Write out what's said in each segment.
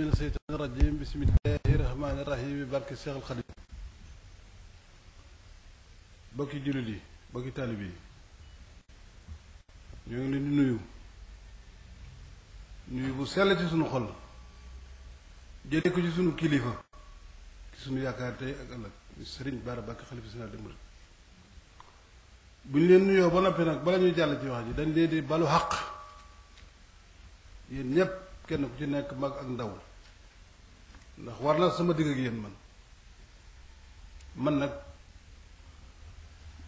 min seytaan rajim bismillahi rahmaani rahim barke Seexul Xadim bokki jullit yi bokki taalib yi ñoo ngi leen nuyu nuyu bu sell ci sunu xol jëlee ko ci sunu kilifa ci sunu yaakaar tey ak ëllëg sëriñ Bara Mbàkke xalifa sina dëmbër bu ñu leen nuyoo ba noppi nag bala ñuy jàll ci wax ji dañ leen di balu xaq yéen ñépp kenn ku ci nekk mag ak ndaw ndax war la sama digg ak yéen man man nag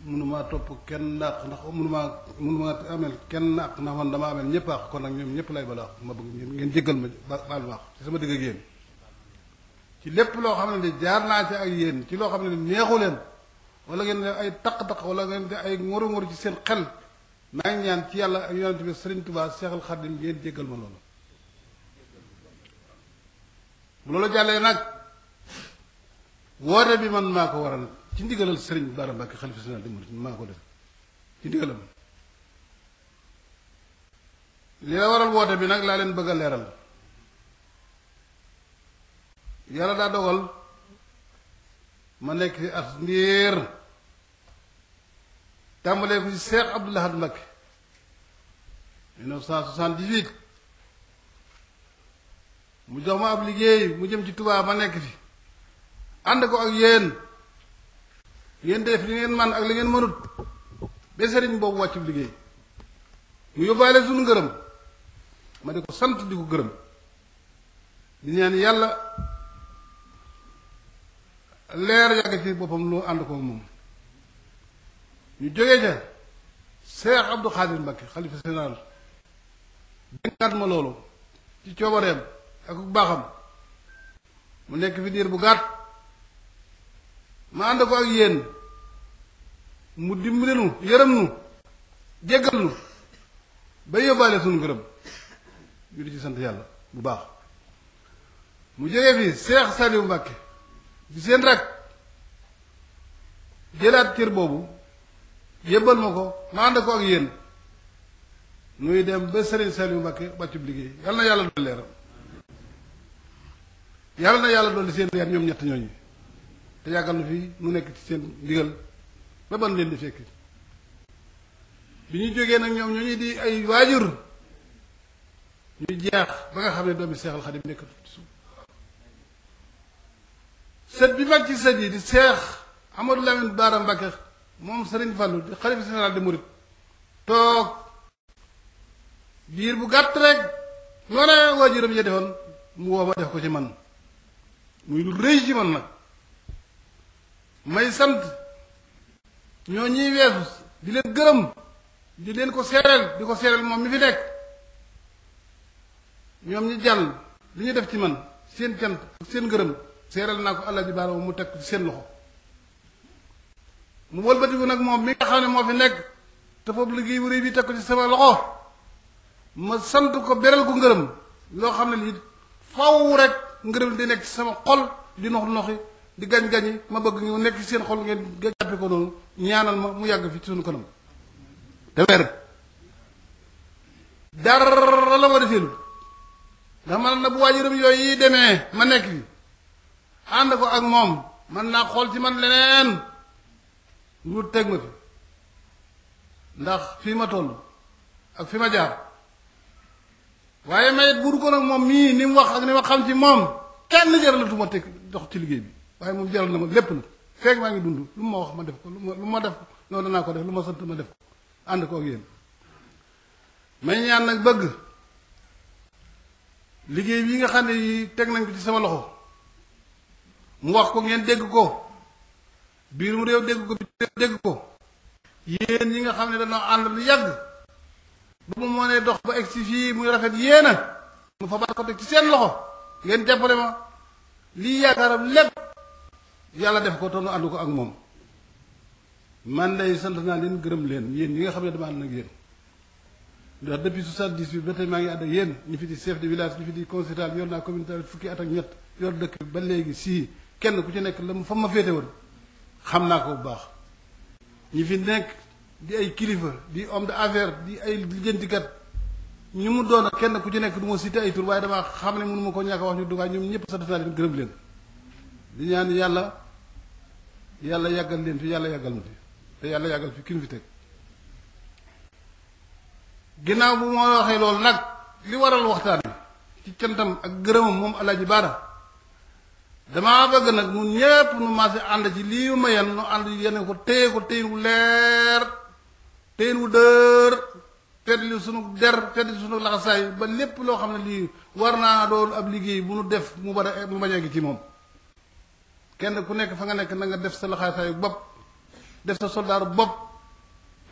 mënumaa topp kenn ndax ndax mënumaa mënumaa amel kenn àq ndax man dama amel ñëpp àq kon nag ñoom ñëpp lay bala ma bëgg ngeen jéggal ma baal ma àq ci sama digg ak yéen ci lépp loo xam ne jaar naa ci ak yéen ci loo xam ne neexu leen wala ngeen def ay taq-taq wala ngeen def ay ngoru ngoru ci seen xel maa ngi ñaan ci yàlla ay yonent bi Sëriñ Tuubaa Seexal Xaadim ngeen jéggal ma loolu bu loolu jàllee nag woote bi man maa ko waral ci ndigalal sëriñ Bara Mbàkke xalifa général des mourides maa ko def ci ndigalam li la waral woote bi nag laa leen bëgg a leeral yàlla daa dogal ma nekk ci as ndiir tàmbalee ko ci Cheikh Abdoul Ahad Mbacké 1978 mu jox ma ab liggéey mu jëm ci tubaab ma nekk fi ànd ko ak yéen ngeen def li ngeen man ak li ngeen mënut ba sëriñ boobu wàccub liggéey mu yóbbaale suñu ngërëm ma di ko sant di ko gërëm di ñaan yàlla leer yàgg ci boppam lu ànd ko moom ñu jógee ca Seex Abdu Xaadir Mbakke xalifa général dénkaat ma loolu ci coobareem ak baaxam mu nekk fi diir bu gàtt ma ànd ko ak yéen mu dimbali nu yërëm nu jéggal ba yóbbaale sunu ngërëm ñu di ci sant yàlla bu baax mu jógee fi Seex Saliou Mbàkke di seen rek jëlaat cër boobu yébbal ma ko ma ànd ko ak yéen nuy dem ba Serigne Saliou Mbàkke bàccub liggéey yal na yàlla du leeram yàlla na yàlla dolli seen yar ñoom ñett ñooñu te yàggal na fi mu nekk ci seen ndigal ba ban leen di fekki bi ñu jógee nag ñoom ñooñu di ay waajur ñu jeex ba nga xam ne doomi seexal xadim nekk ci sët bi mag ci sët yi di seex Amadou Lamine Bara Mbacké moom Serigne Fallou di xalifa général de Mouride toog biir bu gàtt rek noonu waajuram ya defoon mu woo ma def ko ci man muy lu rëy ci man nag may sant ñoo ñuy weesu di leen gërëm di leen ko seereel di ko seereel moom mi fi nekk ñoom ñi jàll li ñu def ci man seen cant seen gërëm seereel naa ko allah ji baaraam mu teg ci seen loxo mu wëlbatiku nag moom mi nga xam ne moo fi nekk te foofu liggéey bu rëy bi teg ko ci sama loxo ma sant ko beral ko ngërëm loo xam ne lii faw rek ngërëm di nekk ci sama xol di nox noxi di gañ-gañi ma bëgg ñu nekk ci seen xol ngeen jàppe ko noonu ñaanal ma mu yàgg fi ci suñu kanam te weer dara la ma defeelu ndax man na bu waajuram yooyu yi demee ma nekk fi ànd ko ak moom man naa xool ci man leneen lu teg ma fi ndax fii ma toll ak fi ma jaar waaye mayit buur ko nag moom mii ni mu wax ak ni ma xam ci moom kenn jaralatuma teg dox ci liggéey bi waaye moom jaral na ma lépp nag feeg waa ngi dund lu ma wax ma def ko lu ma lu ma def noonu danaa ko def lu ma sant ma def ko ànd ko ak yéen may ñaan nag bëgg liggéey bi nga xam ne yi teg nañ ko ci sama loxo mu wax ko ngeen dégg ko mu réew dégg ko bi dégg ko yéen ñi nga xam ne dañoo ànd lu yàgg bu ma mënee dox ba egg si fii muy rafet yéena mu fabaat ko teg ci seen loxo ngeen jàppale ma lii yaakaaram lépp yàlla def ko te nu ànd ko ak moom man day sant naa leen gërëm leen yéen yi nga xam ne dama ànd nag yéen da depuis soixante-dix-huit ba tey maa ngi ànd ak yéen ñu fi di chef de village ñu fi di concétable yor naa commune tamit fukki at ak ñett yor dëkk ba léegi sii kenn ku ci nekk la mu fa ma féete woon xam naa ko bu baax ñi fi nekk di ay kilifa di homme d'affaires di ay lijjantikat ñu mu doon kenn ku ci nekk du ma cité ay tur waaye damaa xam ne mënu ma ko ñàkk wax ñu dugaay ñoom ñëpp sant naa leen gërëm leen di ñaan yàlla yàlla yàggal leen fi yàlla yàggal ma fi te yàlla yàggal fi kin fi teg ginnaaw bu ma waxee loolu nag li waral waxtaan ci cantam ak gërëmam moom Alaaji Baara damaa bëgg nag ñun ñëpp nu maase ànd ci lii ma yan nu ànd yeneen ko téye ko téye wu leer te yéen wu dër tedd li sunu der tedd li sunu laxasaay ba lépp loo xam ne lii war naa doon ab liggéey bu nu def mu ba mu bañ a ngi ci moom kenn ku nekk fa nga nekk na nga def sa laxasaayu bopp def sa soldaaru bopp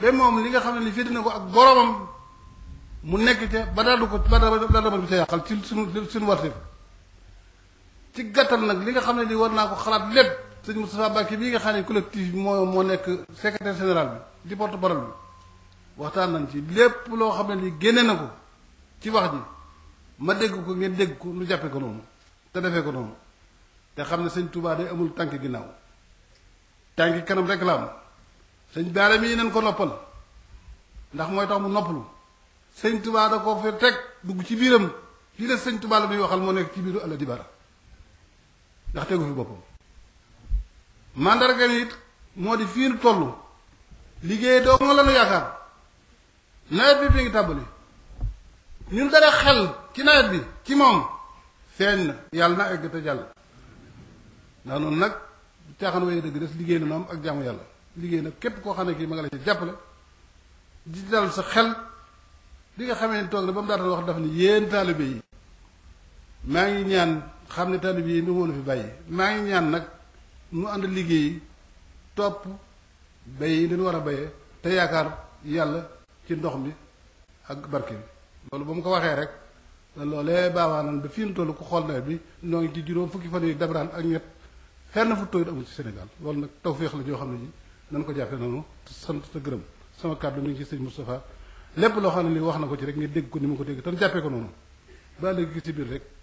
ba moom li nga xam ne li féete na ko ak boromam mu nekk ca ba daal du ko ba daal du ca yàqal ci sunu sunu warte ci gàttal nag li nga xam ne li war naa ko xalaat lépp sëñ Moustapha Bakki bii nga xam ne collectif moo moo nekk secrétaire général bi di porte-parole bi waxtaan nañ ci lépp loo xam ne ni génne na ko ci wax ji ma dégg ko ngeen dégg ko nu jàppe ko noonu te defee ko noonu te xam ne sëñ Touba day amul tànk ginnaaw tànk kanam rek la am sëñ baare mii nañ ko noppal ndax mooy tax mu noppalu sëñ Touba da ko fi teg dugg ci biiram lii la sëñ Touba la muy waxal moo nekk ci biiru Alla bara ndax tegu fi boppam mandarga nit moo di fii nu toll liggéey doo nga la nu yaakaar nawet bi fi ngi tàbbali ñun dara xel ci nawet bi ci moom seen na yàlla na ay te jàll ndax noonu nag caaxaan waye dëgg des liggéey na noom ak jaamu yàlla liggéey na képp koo xam ne kii ma nga la ci jàppale di dal sa xel di nga xamee ne toog na ba mu daatal wax dafa ni yéen taalibe yi maa ngi ñaan xam ne taalibe yi nu woonu fi bàyyi maa ngi ñaan nag nu ànd liggéey topp bay yi dañu war a bayee te yaakaar yàlla ci ndox mi ak barke bi loolu ba mu ko waxee rek loolee baawaanan ba fii nu toll ku xool nawet bi ñoo ngi ci juróom fukki fan yi dabraan ak ñett fenn fu tooyut amul ci Sénégal loolu nag tawféex la joo xam ne ji nan ko jàppe noonu sant te gërëm sama kàddu mi ngi ci sëñ Moustapha lépp loo xam ne li wax na ko ci rek nga dégg ko ni mu ko dégg tan jàppee ko noonu ba léegi ci biir rek